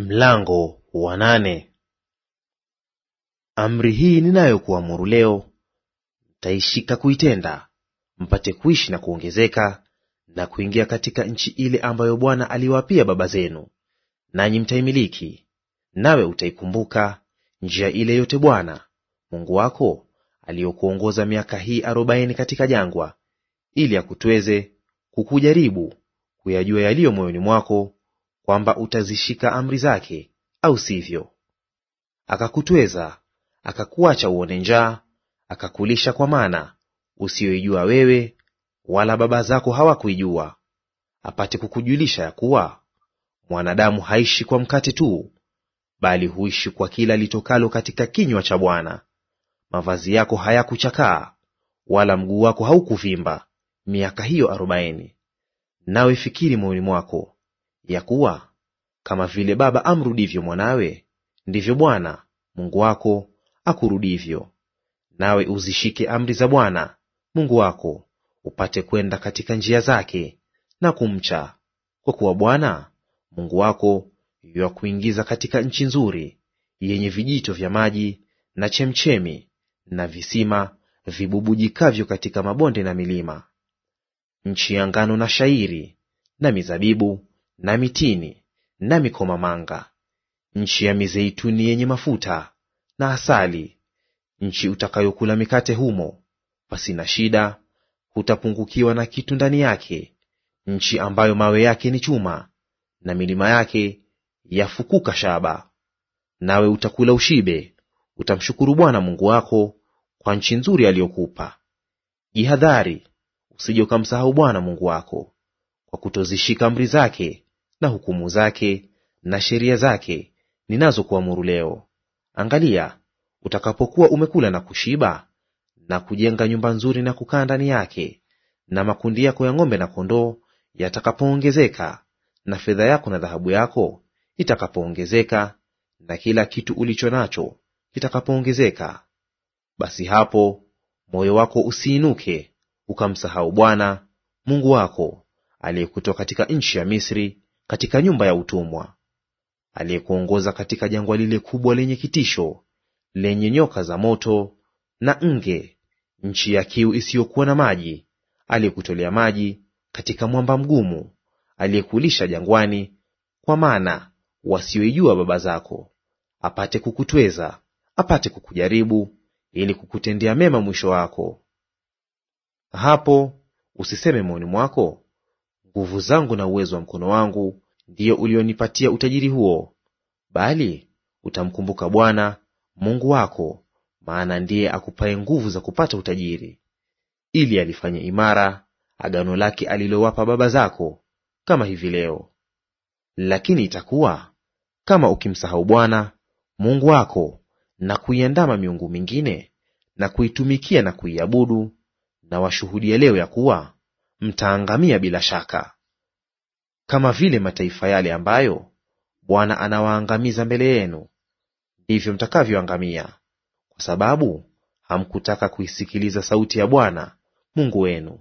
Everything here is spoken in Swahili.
Mlango wa nane. Amri hii ninayokuamuru leo mtaishika kuitenda, mpate kuishi na kuongezeka, na kuingia katika nchi ile ambayo Bwana aliwapia baba zenu, nanyi mtaimiliki. Nawe utaikumbuka njia ile yote Bwana Mungu wako aliyokuongoza miaka hii arobaini katika jangwa, ili akutweze kukujaribu, kuyajua yaliyo moyoni mwako kwamba utazishika amri zake, au sivyo. Akakutweza, akakuacha uone njaa, akakulisha kwa mana usiyoijua wewe, wala baba zako hawakuijua, apate kukujulisha ya kuwa mwanadamu haishi kwa mkate tu, bali huishi kwa kila litokalo katika kinywa cha Bwana. Mavazi yako hayakuchakaa wala mguu wako haukuvimba miaka hiyo arobaini. Nawe fikiri moyoni mwako ya kuwa kama vile baba amrudivyo mwanawe, ndivyo Bwana Mungu wako akurudivyo. Nawe uzishike amri za Bwana Mungu wako, upate kwenda katika njia zake na kumcha, kwa kuwa Bwana Mungu wako kuingiza katika nchi nzuri yenye vijito vya maji na chemchemi na visima vibubujikavyo katika mabonde na milima, nchi ya ngano na shairi na mizabibu na mitini na mikomamanga, nchi ya mizeituni yenye mafuta na asali, nchi utakayokula mikate humo pasina shida, hutapungukiwa na kitu ndani yake, nchi ambayo mawe yake ni chuma na milima yake yafukuka shaba. Nawe utakula ushibe, utamshukuru Bwana Mungu wako kwa nchi nzuri aliyokupa. Jihadhari usije ukamsahau Bwana Mungu wako kwa kutozishika amri zake na hukumu zake na sheria zake ninazokuamuru leo. Angalia, utakapokuwa umekula na kushiba, na kujenga nyumba nzuri na kukaa ndani yake, na makundi yako ya ng'ombe na kondoo yatakapoongezeka, na fedha yako na dhahabu yako itakapoongezeka, na kila kitu ulicho nacho kitakapoongezeka, basi hapo moyo wako usiinuke ukamsahau Bwana Mungu wako aliyekutoa katika nchi ya Misri katika nyumba ya utumwa, aliyekuongoza katika jangwa lile kubwa lenye kitisho, lenye nyoka za moto na nge, nchi ya kiu isiyokuwa na maji, aliyekutolea maji katika mwamba mgumu, aliyekulisha jangwani kwa maana wasioijua baba zako, apate kukutweza, apate kukujaribu, ili kukutendea mema mwisho wako. Hapo usiseme moyoni mwako, Nguvu zangu na uwezo wa mkono wangu ndiyo ulionipatia utajiri huo. Bali utamkumbuka Bwana Mungu wako, maana ndiye akupaye nguvu za kupata utajiri, ili alifanye imara agano lake alilowapa baba zako, kama hivi leo. Lakini itakuwa kama ukimsahau Bwana Mungu wako na kuiandama miungu mingine na kuitumikia na kuiabudu, na washuhudia leo ya kuwa mtaangamia bila shaka, kama vile mataifa yale ambayo Bwana anawaangamiza mbele yenu, ndivyo mtakavyoangamia, kwa sababu hamkutaka kuisikiliza sauti ya Bwana Mungu wenu.